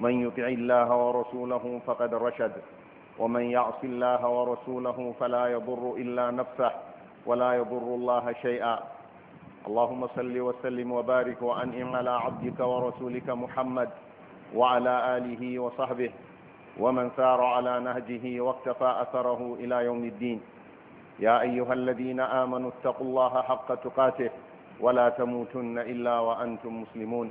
من يطع الله ورسوله فقد رشد ومن يعص الله ورسوله فلا يضر إلا نفسه ولا يضر الله شيئا اللهم صل وسلم وبارك وأنعم على عبدك ورسولك محمد وعلى آله وصحبه ومن سار على نهجه واقتفى أثره إلى يوم الدين يا أيها الذين آمنوا اتقوا الله حق تقاته ولا تموتن إلا وأنتم مسلمون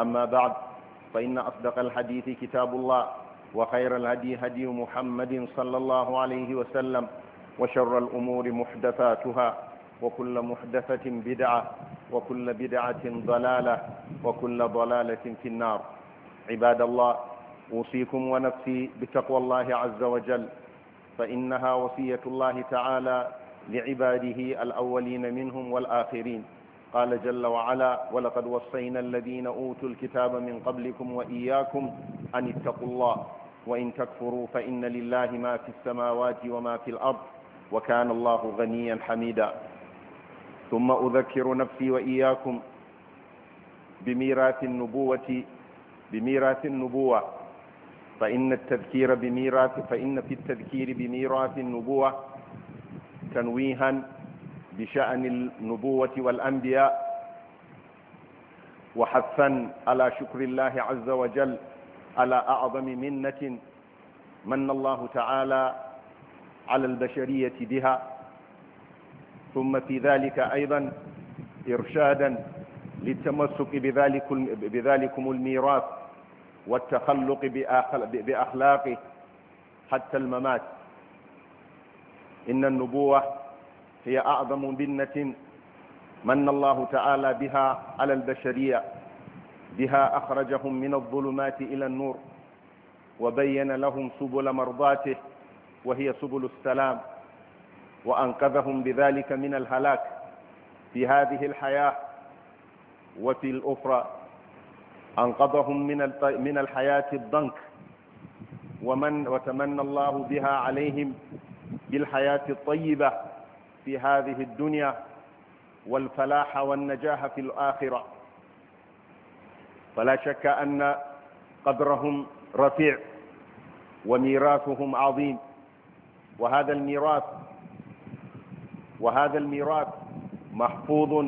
أما بعد فإن أصدق الحديث كتاب الله وخير الهدي هدي محمد صلى الله عليه وسلم وشر الأمور محدثاتها وكل محدثة بدعة وكل بدعة ضلالة وكل ضلالة في النار عباد الله أوصيكم ونفسي بتقوى الله عز وجل فإنها وصية الله تعالى لعباده الأولين منهم والآخرين قال جل وعلا ولقد وصينا الذين أوتوا الكتاب من قبلكم وإياكم أن اتقوا الله وإن تكفروا فإن لله ما في السماوات وما في الأرض وكان الله غنيا حميدا ثم أذكر نفسي وإياكم بميراث النبوة بميراث النبوة فإن التذكير بميراث فإن في التذكير بميراث النبوة تنويها بشأن النبوة والأنبياء وحثا على شكر الله عز وجل على أعظم منة من الله تعالى على البشرية بها ثم في ذلك أيضا إرشادا للتمسك بذلك بذلكم الميراث والتخلق بأخلاقه حتى الممات إن النبوة هي أعظم منة من الله تعالى بها على البشرية بها أخرجهم من الظلمات إلى النور وبين لهم سبل مرضاته وهي سبل السلام وأنقذهم بذلك من الهلاك في هذه الحياة وفي الأخرى أنقذهم من من الحياة الضنك ومن وتمنى الله بها عليهم بالحياة الطيبة في هذه الدنيا والفلاح والنجاح في الآخرة فلا شك أن قدرهم رفيع وميراثهم عظيم وهذا الميراث وهذا الميراث محفوظ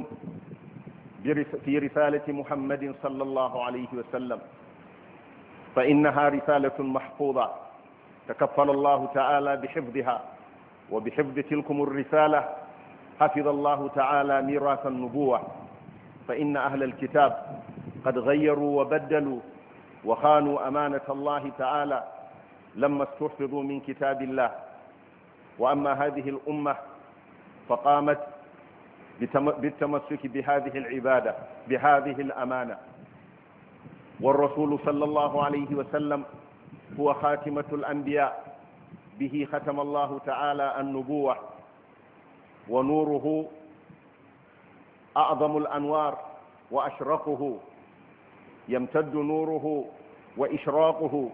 في رسالة محمد صلى الله عليه وسلم فإنها رسالة محفوظة تكفل الله تعالى بحفظها وبحفظ تلكم الرسالة حفظ الله تعالى ميراث النبوة فإن أهل الكتاب قد غيروا وبدلوا وخانوا أمانة الله تعالى لما استحفظوا من كتاب الله وأما هذه الأمة فقامت بالتمسك بهذه العبادة بهذه الأمانة والرسول صلى الله عليه وسلم هو خاتمة الأنبياء به ختم الله تعالى النبوة ونوره أعظم الأنوار وأشرقه يمتد نوره وإشراقه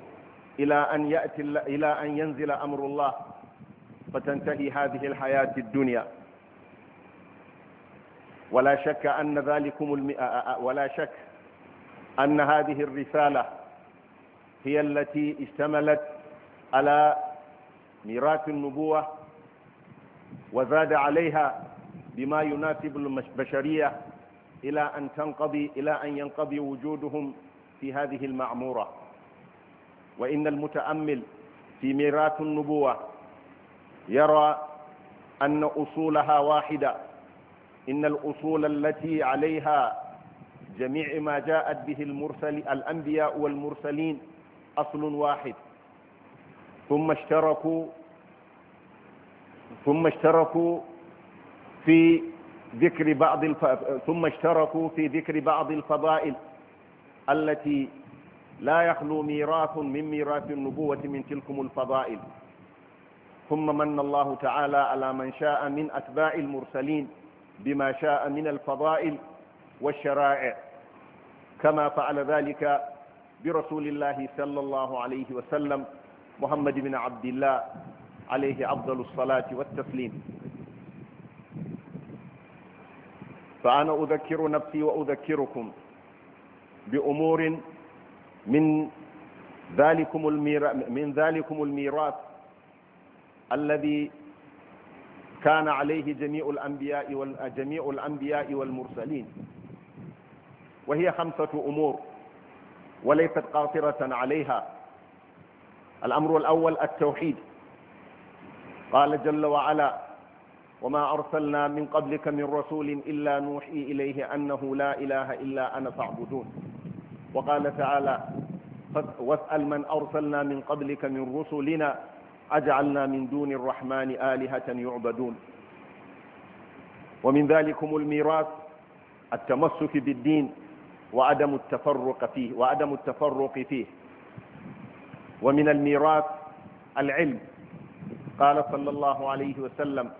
إلى أن, يأتي إلى أن ينزل أمر الله فتنتهي هذه الحياة الدنيا ولا شك أن ذلكم ولا شك أن هذه الرسالة هي التي اشتملت على ميراث النبوة وزاد عليها بما يناسب البشرية إلى أن تنقضي إلى أن ينقضي وجودهم في هذه المعمورة وإن المتأمل في ميراث النبوة يرى أن أصولها واحدة إن الأصول التي عليها جميع ما جاءت به المرسل الأنبياء والمرسلين أصل واحد ثم اشتركوا ثم اشتركوا في ذكر بعض الف... ثم اشتركوا في ذكر بعض الفضائل التي لا يخلو ميراث من ميراث النبوة من تلكم الفضائل ثم من الله تعالى على من شاء من أتباع المرسلين بما شاء من الفضائل والشرائع كما فعل ذلك برسول الله صلى الله عليه وسلم محمد بن عبد الله عليه أفضل الصلاة والتسليم فأنا أذكر نفسي وأذكركم بأمور من ذلكم الميراث من ذلكم الميراث الذي كان عليه جميع الأنبياء جميع الأنبياء والمرسلين وهي خمسة أمور وليست قاصرة عليها الأمر الأول التوحيد قال جل وعلا وما أرسلنا من قبلك من رسول إلا نوحي إليه أنه لا إله إلا أنا فاعبدون وقال تعالى واسأل من أرسلنا من قبلك من رسلنا أجعلنا من دون الرحمن آلهة يعبدون ومن ذلكم الميراث التمسك بالدين وعدم التفرق فيه وعدم التفرق فيه ومن الميراث العلم قال صلى الله عليه وسلم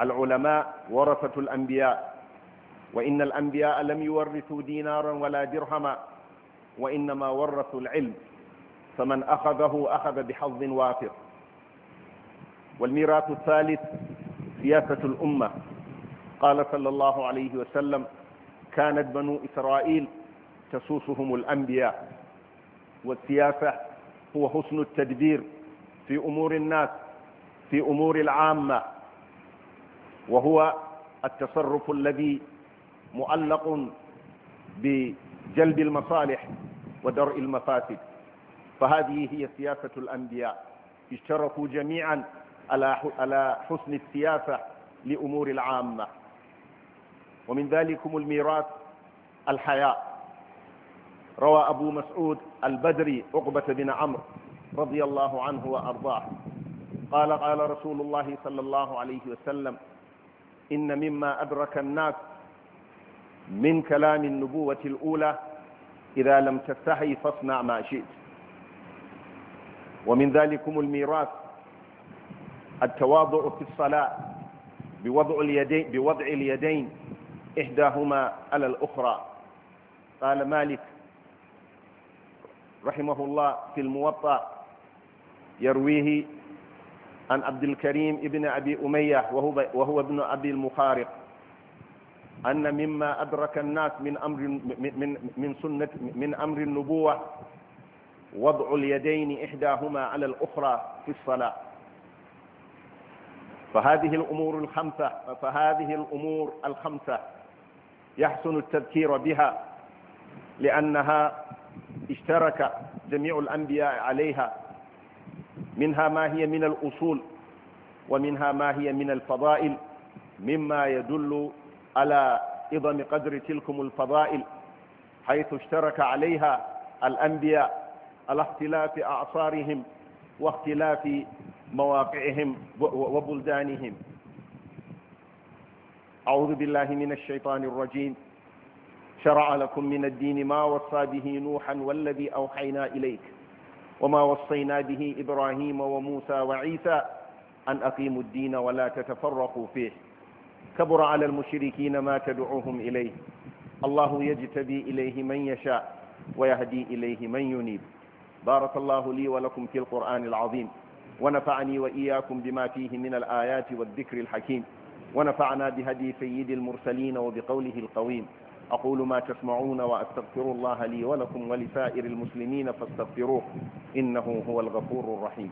العلماء ورثة الأنبياء وإن الأنبياء لم يورثوا دينارا ولا درهما وإنما ورثوا العلم فمن أخذه أخذ بحظ وافر والميراث الثالث سياسة الأمة قال صلى الله عليه وسلم كانت بنو إسرائيل تسوسهم الأنبياء والسياسة هو حسن التدبير في أمور الناس في أمور العامة وهو التصرف الذي معلق بجلب المصالح ودرء المفاسد فهذه هي سياسة الأنبياء اشتركوا جميعا على حسن السياسة لأمور العامة ومن ذلكم الميراث الحياء روى أبو مسعود البدري عقبة بن عمرو رضي الله عنه وأرضاه قال قال رسول الله صلى الله عليه وسلم إن مما أدرك الناس من كلام النبوة الأولى إذا لم تستحي فاصنع ما شئت ومن ذلكم الميراث التواضع في الصلاة بوضع اليدين, بوضع اليدين إحداهما على الأخرى قال مالك رحمه الله في الموطأ يرويه عن عبد الكريم ابن أبي أمية وهو, وهو ابن أبي المخارق أن مما أدرك الناس من أمر من من سنة من أمر النبوة وضع اليدين إحداهما على الأخرى في الصلاة فهذه الأمور الخمسة فهذه الأمور الخمسة يحسن التذكير بها لأنها اشترك جميع الأنبياء عليها منها ما هي من الأصول ومنها ما هي من الفضائل مما يدل على عظم قدر تلكم الفضائل حيث اشترك عليها الأنبياء على اختلاف أعصارهم واختلاف مواقعهم وبلدانهم أعوذ بالله من الشيطان الرجيم شرع لكم من الدين ما وصى به نوحا والذي أوحينا إليك وما وصينا به إبراهيم وموسى وعيسى أن أقيموا الدين ولا تتفرقوا فيه كبر على المشركين ما تدعوهم إليه الله يجتبي إليه من يشاء ويهدي إليه من ينيب بارك الله لي ولكم في القرآن العظيم ونفعني وإياكم بما فيه من الآيات والذكر الحكيم ونفعنا بهدي سيد المرسلين وبقوله القويم أقول ما تسمعون وأستغفر الله لي ولكم ولسائر المسلمين فاستغفروه إنه هو الغفور الرحيم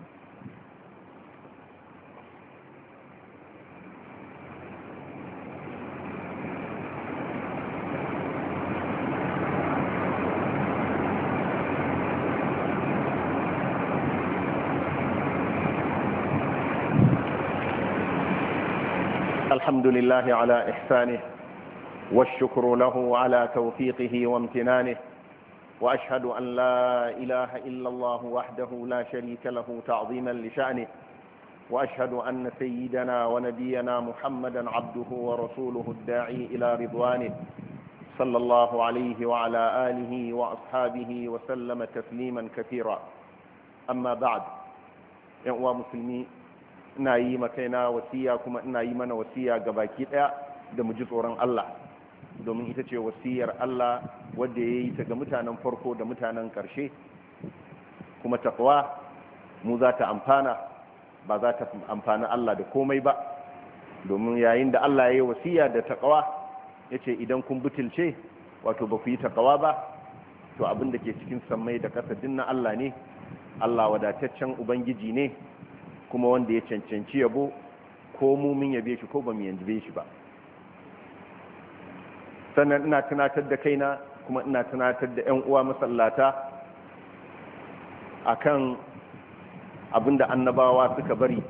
الحمد لله على إحسانه والشكر له على توفيقه وامتنانه واشهد ان لا اله الا الله وحده لا شريك له تعظيما لشانه واشهد ان سيدنا ونبينا محمدا عبده ورسوله الداعي الى رضوانه صلى الله عليه وعلى اله واصحابه وسلم تسليما كثيرا اما بعد يا مسلمين نايمتنا وسياكم makaina wasiya kuma ina yi da mu ji tsoron Allah domin ita ce wasiyar Allah wadda ya yi ta ga mutanen farko da mutanen ƙarshe kuma takwa mu za ta amfana ba za ta amfana Allah da komai ba domin yayin da Allah ya yi wasiya da takawa ya ce idan kun butulce wato ba ku yi takawa ba to abin da ke cikin sammai da ƙasa dinna Allah ne Allah wadataccen ubangiji ne kuma wanda ya cancanci yabo ko mumin yabe shi ko ba mu yanzu be shi ba sannan ina tunatar da kaina kuma ina tunatar da 'yan uwa masallata a abin abinda annabawa suka bari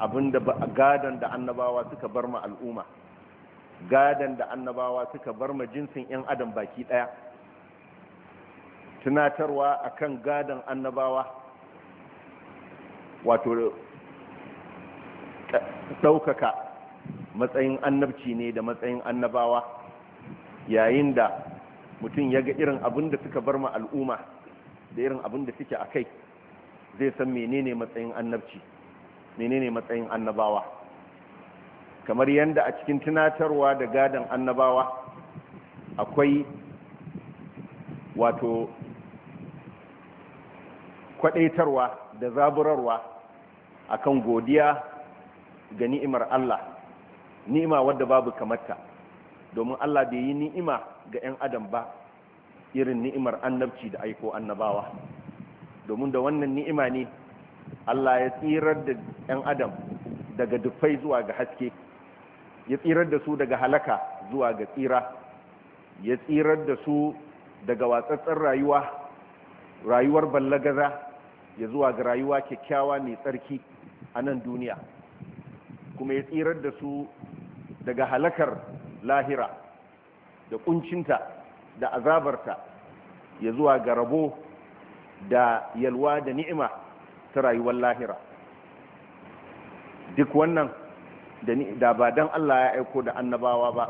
abinda gadon da annabawa suka bar ma al'umma gadon da annabawa suka bar ma jinsin 'yan adam baki daya tunatarwa a kan gadon annabawa wato ɗaukaka matsayin annabci ne da matsayin annabawa yayin da mutum ya ga irin abin da suka bar ma al'umma da irin abin da suke a kai zai san menene matsayin annabci menene matsayin annabawa kamar yadda a cikin tunatarwa da gadon annabawa akwai wato kwadaitarwa da zaburarwa akan godiya ga ni'imar Allah ni'ima wadda babu kamata domin Allah bai yi ni'ima ga 'yan adam ba irin ni'imar annabci da aiko annabawa domin da wannan ni'ima ne Allah ya tsirar da 'yan adam daga dufai zuwa ga haske ya tsirar da su daga halaka zuwa ga tsira ya tsirar da su daga watsattsar rayuwa rayuwar ballagaza ya zuwa ga rayuwa kyakkyawa mai tsarki a nan duniya kuma ya tsirar da su daga halakar lahira da kuncinta da azabarta ya zuwa ga rabo da yalwa da ni'ima ta rayuwar lahira duk wannan da ba don Allah ya aiko da annabawa ba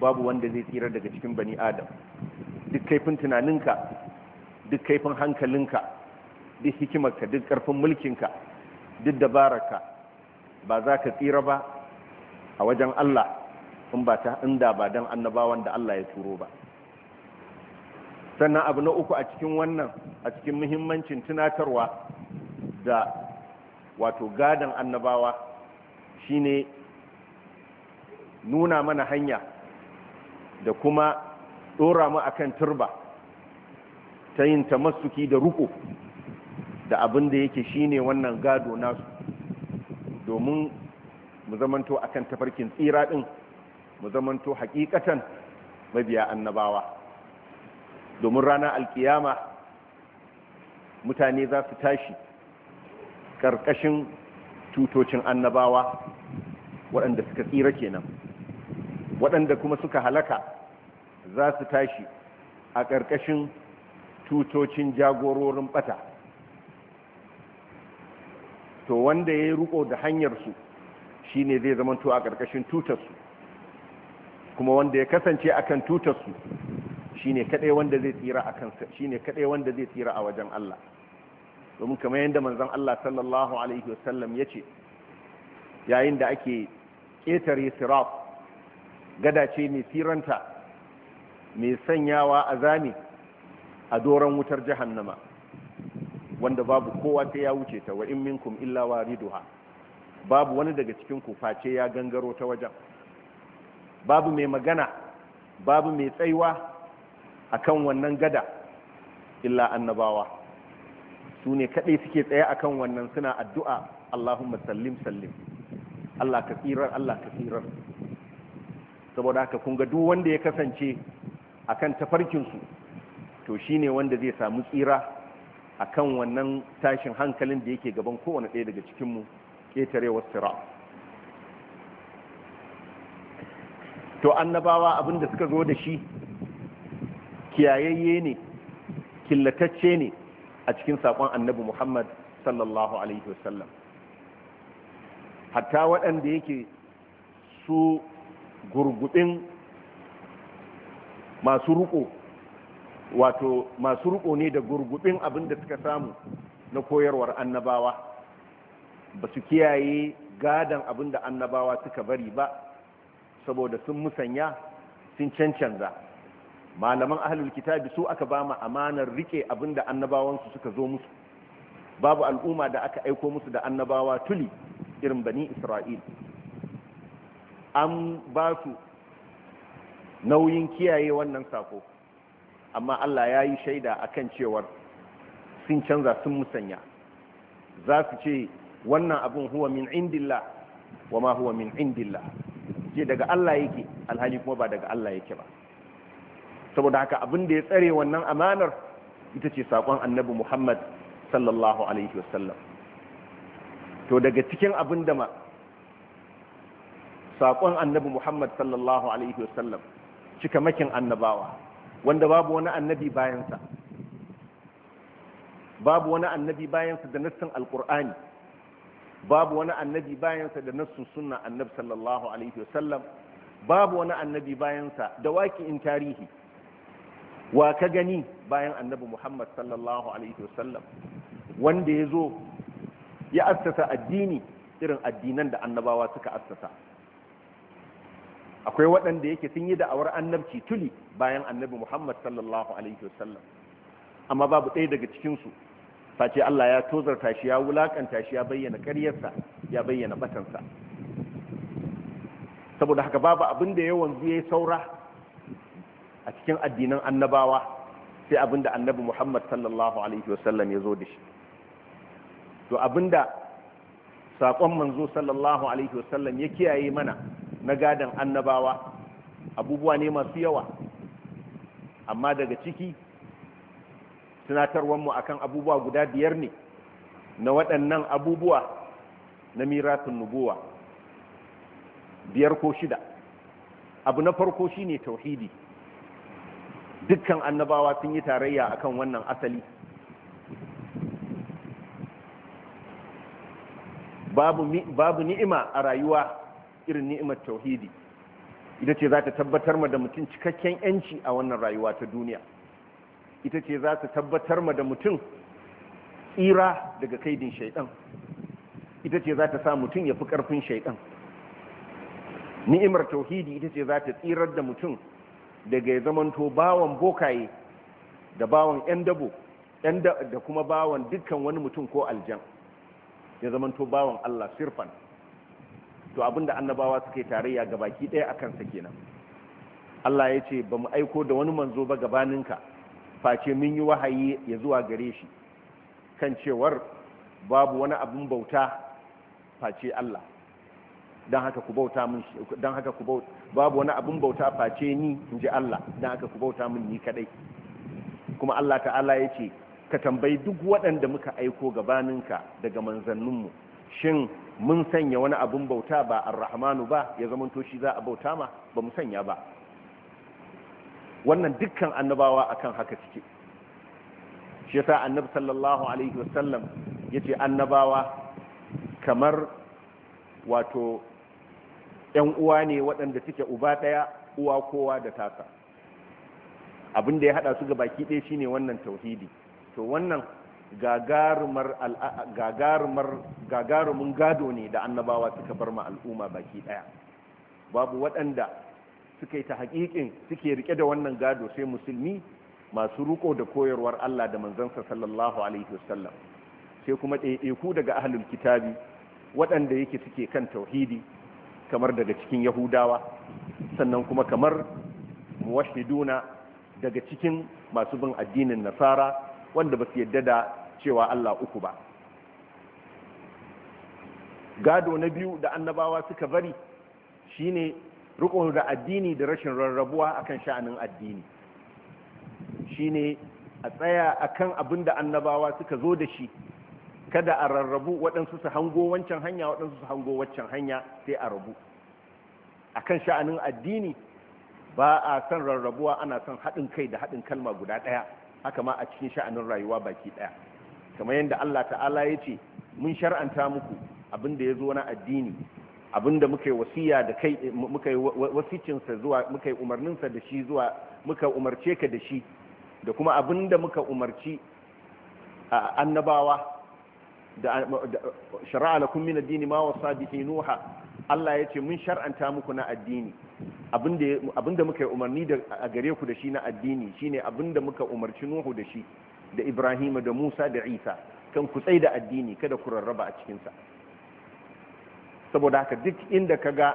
babu wanda zai tsira daga cikin bani adam duk kaifin tunaninka duk kaifin hankalinka duk hikimarka duk karfin mulkinka duk dabararka ba za ka tsira ba a wajen Allah in ba ta inda ba dan annabawan da Allah ya turo ba sannan abu na uku a cikin wannan a cikin muhimmancin tunatarwa da wato gadan annabawa shine nuna mana hanya da kuma dora mu akan turba ta yin tamassuki da ruko da abin da yake shine wannan gado nasu domin mu zamanto akan tafarkin tsira din mu zamanto hakikatan mabiya annabawa domin ranar alkiyama mutane za su tashi ƙarƙashin tutocin annabawa waɗanda suka tsira kenan waɗanda kuma suka halaka za su tashi a ƙarƙashin tutocin jagororin ɓata to wanda ya yi ruko da hanyarsu shi ne zai zamanto a ƙarƙashin tutarsu kuma wanda ya kasance akan tutarsu shine kadai wanda zai tsira akan shine kadai wanda zai tsira a wajen Allah domin kamar yadda manzon Allah sallallahu alaihi wasallam yace yayin da ake ketare sirat gada ce mai tsiranta mai sanyawa a zami a doron wutar jahannama wanda babu kowa sai ya wuce ta wa in minkum illa wariduha babu wani daga cikin ku face ya gangaro ta wajen babu mai magana babu mai tsaiwa akan wannan gada illa annabawa su ne kaɗai suke tsaye akan wannan suna addu'a Allahumma sallim sallim Allah ka tsirar Allah ka tsirar saboda haka kun duk wanda ya kasance akan tafarkinsu to shi ne wanda zai samu tsira akan wannan tashin hankalin da yake gaban kowane ɗaya daga cikinmu ƙetarewar sira to annabawa abin da suka zo da shi kiyayayye ne killatacce ne a cikin saƙon annabi muhammad sallallahu alaihi wasallam hatta waɗanda yake su gurgudin masu ruko wato masu ruko ne da gurgubin abin suka samu na koyarwar annabawa ba su kiyaye gadon abinda annabawa suka bari ba saboda sun musanya sun cancanza malaman ahlul kitabi su aka ba mu amanar rike abinda annabawansu suka zo musu babu al'umma da aka aiko musu da annabawa tuli irin bani isra'il an ba su nauyin kiyaye wannan sako amma allah ya yi shaida akan cewar sun canza sun musanya za su ce wannan abin huwa min indillah wa ma huwa min indillah ce daga Allah yake alhali kuma ba daga Allah yake ba saboda haka abin da ya tsare wannan amanar ita ce saƙon annabi Muhammad sallallahu alaihi wasallam to daga cikin abin da ma saƙon annabi Muhammad sallallahu alaihi wasallam cikamakin annabawa wanda babu wani annabi bayansa babu wani annabi bayansa da nassin alƙur'ani babu wani annabi bayansa da nassu sunna annabi sallallahu alaihi wasallam babu wani annabi bayansa da waki in tarihi wa ka gani bayan annabi muhammad sallallahu alaihi wasallam wanda ya zo ya assasa addini irin addinan da annabawa suka assasa akwai waɗanda yake sun yi da'awar annabci tuli bayan annabi muhammad sallallahu alaihi wasallam amma babu ɗaya daga cikinsu face Allah ya tozarta shi ya wulakanta shi ya bayyana ƙaryarsa ya bayyana batansa saboda haka babu abin da yawan zuwa saura a cikin addinan annabawa sai abin da annabi Muhammad sallallahu alaihi wasallam ya zo da shi to abin da saƙon manzo sallallahu alaihi wasallam ya kiyaye mana na gadon annabawa abubuwa ne masu yawa amma daga ciki mu akan abubuwa guda biyar ne na waɗannan abubuwa na miratun nubuwa biyar ko shida abu na farko shine tauhidi dukkan annabawa sun yi tarayya akan wannan asali babu ni'ima a rayuwa irin ni'imar tauhidi ita ce za ta tabbatar ma da mutum cikakken yanci a wannan rayuwa ta duniya ita ce za ta tabbatar ma da mutum tsira daga kaidin shaidan ita ce za ta sa mutum ya fi karfin shaidan ni'imar tauhidi ita ce za ta tsirar da mutum daga ya zamanto bawan bokaye da bawan 'yan dabo da kuma bawan dukkan wani mutum ko aljan ya zamanto bawan Allah sirfan to abinda annabawa suka yi tarayya ga baki ɗaya a kansa kenan Allah ya ce ba mu aiko da wani manzo ba gabaninka face mun yi wahayi ya zuwa gare shi kan cewar babu wani abin bauta face Allah don haka ku bauta min don haka ku bauta babu wani abin bauta face ni inji Allah don haka ku bauta min ni kadai kuma Allah ta'ala ya ce ka tambayi duk waɗanda muka aiko gabaninka daga manzanninmu shin mun sanya wani abin bauta ba al-rahmanu ba ya zamanto shi za a bauta ma ba mu sanya ba wannan dukkan annabawa akan haka suke shi yasa annabi sallallahu alaihi wasallam yace annabawa kamar wato yan uwa ne waɗanda suke uba ɗaya uwa kowa da tasa abinda ya haɗa su ga baki ɗaya shine wannan tauhidi to wannan gagarumin gado ne da annabawa suka bar ma al'umma baki ɗaya babu waɗanda suka yi ta haƙiƙin suke rike da wannan gado sai musulmi masu ruko da koyarwar Allah da manzansa sallallahu alaihi wasallam sai kuma ɗaiɗaiku daga ahlul kitabi waɗanda yake suke kan tauhidi kamar daga cikin yahudawa sannan kuma kamar muwahhiduna daga cikin masu bin addinin nasara wanda ba su yadda da cewa Allah uku ba gado na biyu da annabawa suka bari shine riko da addini da rashin rarrabuwa akan sha'anin addini shine a tsaya akan abin da annabawa suka zo da shi kada a rarrabu waɗansu su hango wancan hanya waɗansu su hango waccan hanya sai a rabu akan sha'anin addini ba a son rarrabuwa ana son haɗin kai da haɗin kalma guda ɗaya haka ma a cikin sha'anin rayuwa baki ɗaya kamar yadda Allah ta'ala ya ce mun shar'anta muku abin da ya zo na addini abinda muka yi wasiya da kai muka yi wasicinsa zuwa muka yi umarninsa da shi zuwa muka umarce ka da shi da kuma abinda muka umarci annabawa da shari'a lakum min ad-dini ma wasa bihi nuha Allah ya ce mun shar'anta muku na addini abinda muka yi umarni a gare ku da shi na addini shine abinda muka umarci Nuhu da shi da Ibrahim da Musa da Isa kan ku tsaye da addini kada ku rarraba a cikinsa. saboda haka duk inda ka ga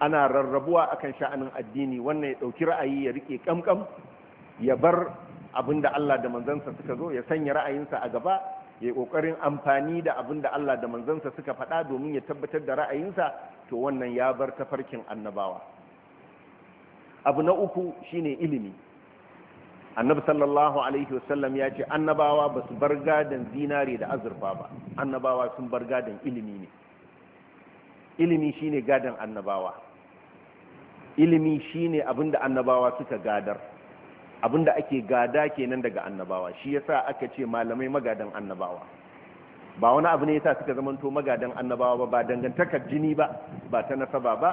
ana rarrabuwa akan sha'anin addini wannan ya ɗauki ra'ayi ya rike kamkam ya bar abin Allah da manzansa suka zo ya sanya ra'ayinsa a gaba ya yi ƙoƙarin amfani da abin Allah da manzansa suka faɗa domin ya tabbatar da ra'ayinsa to wannan ya bar tafarkin annabawa abu na uku shine ilimi annabi sallallahu alaihi wasallam ya ce annabawa ba su bar gadon zinare da azurfa ba annabawa sun bar gadon ilimi ne ilimi shine gadan annabawa ilimi shine abinda annabawa suka gadar abinda ake gada kenan daga annabawa shi yasa aka ce malamai magadan annabawa ba wani abu ne yasa suka zamanto magadan annabawa ba ba dangantakar jini ba ba ta nasaba ba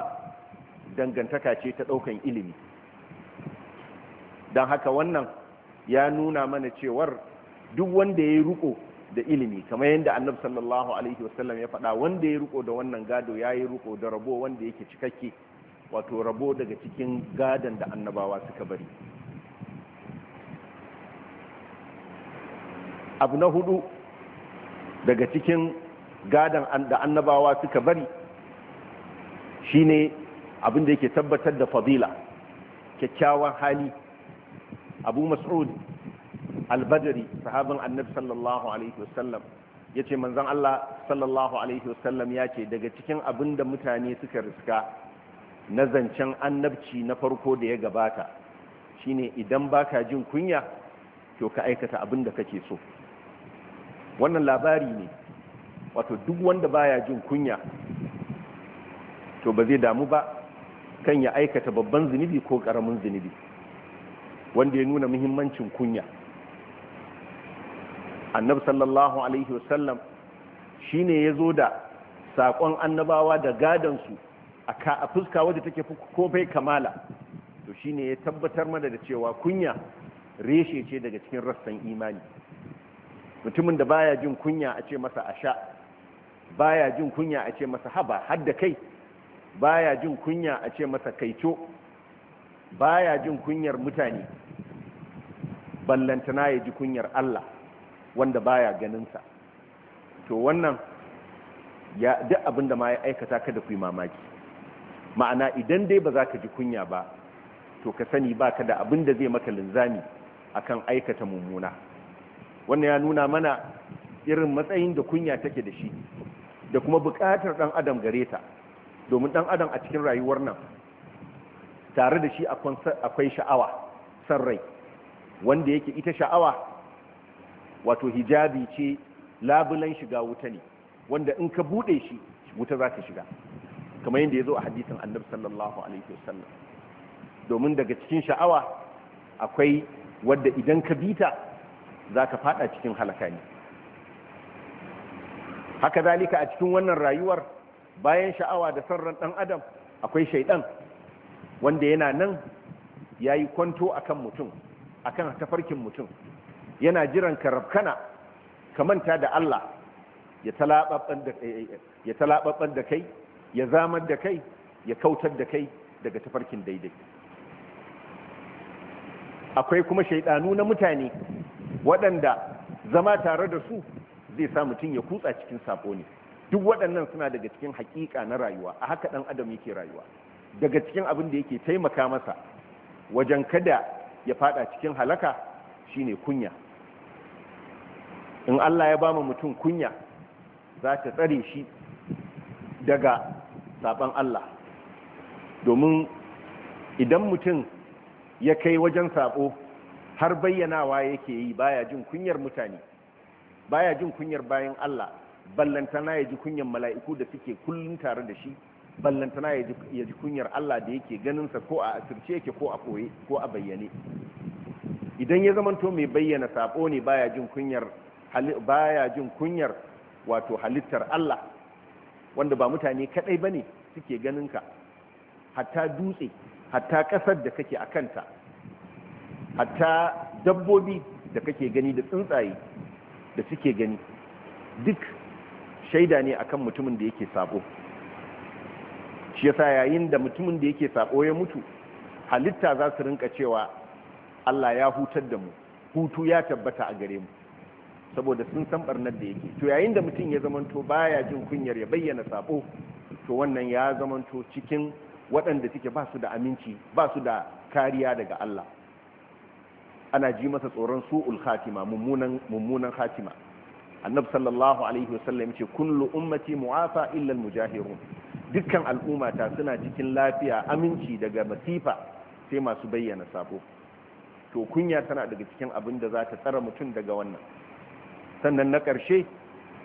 dangantaka ce ta daukan ilimi don haka wannan ya nuna mana cewar duk wanda ya yi ruko da ilimi kamar yadda annabi sallallahu alaihi wasallam ya faɗa wanda ya riko da wannan gado ya yi riko da rabo wanda yake cikakke wato rabo daga cikin gadon da annabawa suka bari abu na hudu daga cikin gadon da annabawa suka bari shine abin da yake tabbatar da fadila kyakkyawan hali abu mas'ud albadari sahabin annabi sallallahu alaihi wasallam ya ce manzan Allah sallallahu alaihi wasallam ya ce daga cikin abinda mutane suka riska na zancen annabci na farko da ya gabata shine idan baka jin kunya to ka aikata abin da kake so wannan labari ne wato duk wanda baya jin kunya to ba zai damu ba kan ya aikata babban zunubi ko karamin zunubi wanda ya nuna muhimmancin kunya annabi sallallahu alaihi wasallam shine ya zo da sakon annabawa da gadansu a fuska wadda take kofai kamala to shine ya tabbatar mana da cewa kunya reshe ce daga cikin rassan imani mutumin da baya jin kunya a ce masa asha baya jin kunya a ce masa haba hadda kai baya jin kunya a ce masa kaito baya jin kunyar mutane ballantana ya ji kunyar Allah wanda baya ganinsa to wannan ya duk abin da ma ya aikata kada ku yi mamaki ma'ana idan dai ba za ka ji kunya ba to ka sani ba ka da abin da zai maka linzami akan aikata mummuna wannan ya nuna mana irin matsayin da kunya take da shi da kuma buƙatar ɗan adam gare ta domin ɗan adam a cikin rayuwar nan tare da shi akwai sha'awa san rai wanda yake ita sha'awa wato hijabi ce labulan shiga wuta ne wanda in ka bude shi wuta za ka shiga kamar yadda ya zo a hadisin annabi sallallahu alaihi wasallam domin daga cikin sha'awa akwai wadda idan ka bita za ka fada cikin halaka ne haka zalika a cikin wannan rayuwar bayan sha'awa da sarran dan adam akwai shaidan wanda yana nan ya yi kwanto akan mutum akan tafarkin mutum yana jiran ka ka manta da Allah ya talababban da kai ya zamar da kai ya kautar da kai daga tafarkin daidai akwai kuma shaidanu na mutane waɗanda zama tare da su zai sa mutum ya kutsa cikin sabo ne duk waɗannan suna daga cikin hakika na rayuwa a haka ɗan adam yake rayuwa daga cikin abin da yake taimaka masa wajen kada ya fada cikin halaka shine kunya in Allah ya ba mu mutum kunya za ta tsare shi daga saban Allah domin idan mutum ya kai wajen sabo har bayyanawa yake yi baya jin kunyar mutane baya jin kunyar bayan Allah ballantana ya ji kunyar mala'iku da suke kullum tare da shi ballantana ya ji kunyar Allah da yake ganinsa ko a asirce yake ko a koye ko a bayyane idan ya zamanto mai bayyana sabo ne baya jin kunyar baya jin kunyar wato halittar Allah wanda ba mutane kadai bane suke ganin ka hatta dutse hatta kasar da kake a kanta hatta dabbobi da kake gani da tsuntsaye da suke gani duk shaida ne akan mutumin da yake sabo shi yasa yayin da mutumin da yake sabo ya mutu halitta za su rinka cewa Allah ya hutar da mu hutu ya tabbata a gare mu saboda sun san barnar da yake to yayin da mutum ya zamanto baya jin kunyar ya bayyana sabo to wannan ya zamanto cikin waɗanda suke ba su da aminci ba su da kariya daga Allah ana ji masa tsoron su'ul khatima mummunan mummunan khatima annab sallallahu alaihi wasallam ce kullu ummati mu'afa illa al-mujahirun dukkan al'ummata suna cikin lafiya aminci daga masifa sai masu bayyana sabo to kunya tana daga cikin abin da za ta tsara mutum daga wannan sannan na ƙarshe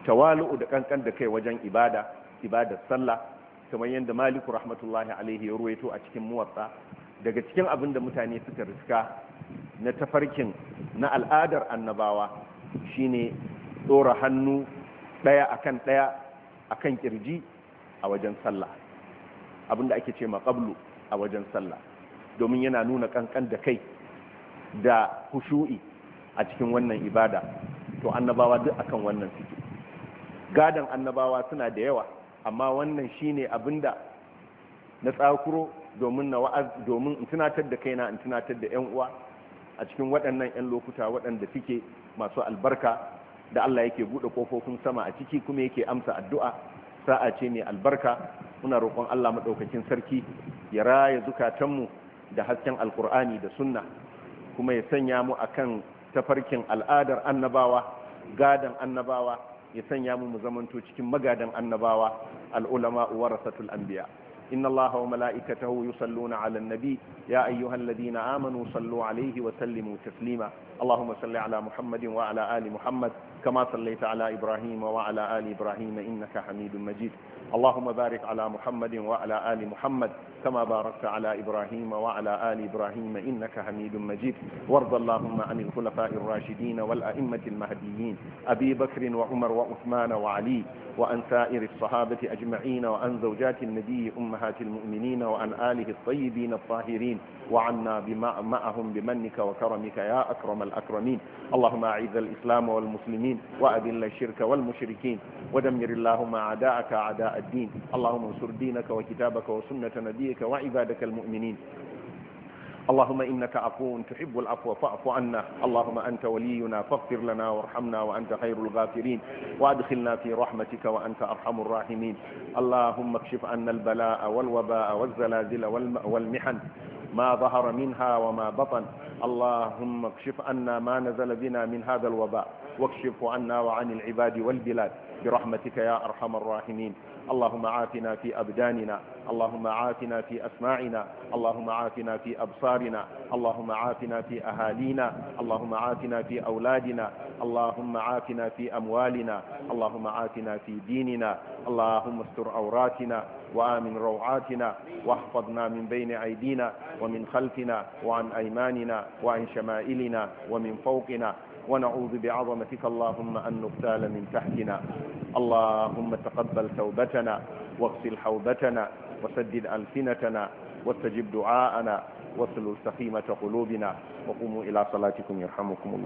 tawalu'u da kankan da kai wajen ibada ibadar sallah kamar yadda maliku rahmatullahi alaihi ya ruwaito a cikin muwatsa daga cikin abin da mutane suka riska na tafarkin na al'adar annabawa shine tsora hannu ɗaya akan ɗaya akan ƙirji a wajen sallah abinda ake ce maƙablu a wajen sallah domin yana nuna ƙanƙan da kai da hushu'i a cikin wannan ibada to annabawa duk akan wannan suke gadan annabawa suna da yawa amma wannan shine abinda na tsakuro domin na wa'az domin in tunatar da kaina in tunatar da 'yan uwa a cikin waɗannan 'yan lokuta waɗanda suke masu albarka da Allah yake buɗe kofofin sama a ciki kuma yake amsa addu'a sa'a ce mai albarka muna roƙon Allah maɗaukakin sarki ya raya zukatanmu da hasken alkur'ani da sunna kuma ya sanya mu akan tafarkin al'adar annabawa gadan annabawa ya sanya mu mu zamanto cikin magadan annabawa al'ulama إن الله وملائكته يصلون على النبي يا أيها الذين آمنوا صلوا عليه وسلموا تسليما اللهم صل على محمد وعلى آل محمد كما صليت على إبراهيم وعلى آل إبراهيم إنك حميد مجيد اللهم بارك على محمد وعلى آل محمد كما باركت على إبراهيم وعلى آل إبراهيم إنك حميد مجيد وارض اللهم عن الخلفاء الراشدين والأئمة المهديين أبي بكر وعمر وعثمان وعلي وأن سائر الصحابة أجمعين وأن زوجات النبي أمهات المؤمنين وأن آله الطيبين الطاهرين وعنا معهم بمنك وكرمك يا أكرم الأكرمين اللهم أعز الإسلام والمسلمين وأذل الشرك والمشركين ودمر اللهم أعداءك أعداء الدين اللهم انصر دينك وكتابك وسنة نبيك وعبادك المؤمنين اللهم إنك عفو تحب العفو فاعف عنا اللهم أنت ولينا فاغفر لنا وارحمنا وأنت خير الغافرين وأدخلنا في رحمتك وأنت أرحم الراحمين اللهم اكشف عنا البلاء والوباء والزلازل والمحن ما ظهر منها وما بطن اللهم اكشف عنا ما نزل بنا من هذا الوباء واكشف عنا وعن العباد والبلاد برحمتك يا أرحم الراحمين اللهم عافنا في أبداننا اللهم عافنا في أسماعنا اللهم عافنا في أبصارنا اللهم عافنا في أهالينا اللهم عافنا في أولادنا اللهم عافنا في أموالنا اللهم عافنا في ديننا اللهم استر عوراتنا وآمن روعاتنا واحفظنا من بين أيدينا ومن خلفنا وعن أيماننا وعن شمائلنا ومن فوقنا ونعوذ بعظمتك اللهم أن نغتال من تحتنا اللهم تقبل توبتنا واغسل حوبتنا وسدد ألسنتنا واستجب دعاءنا واسلل سخيمة قلوبنا وقوموا إلى صلاتكم يرحمكم الله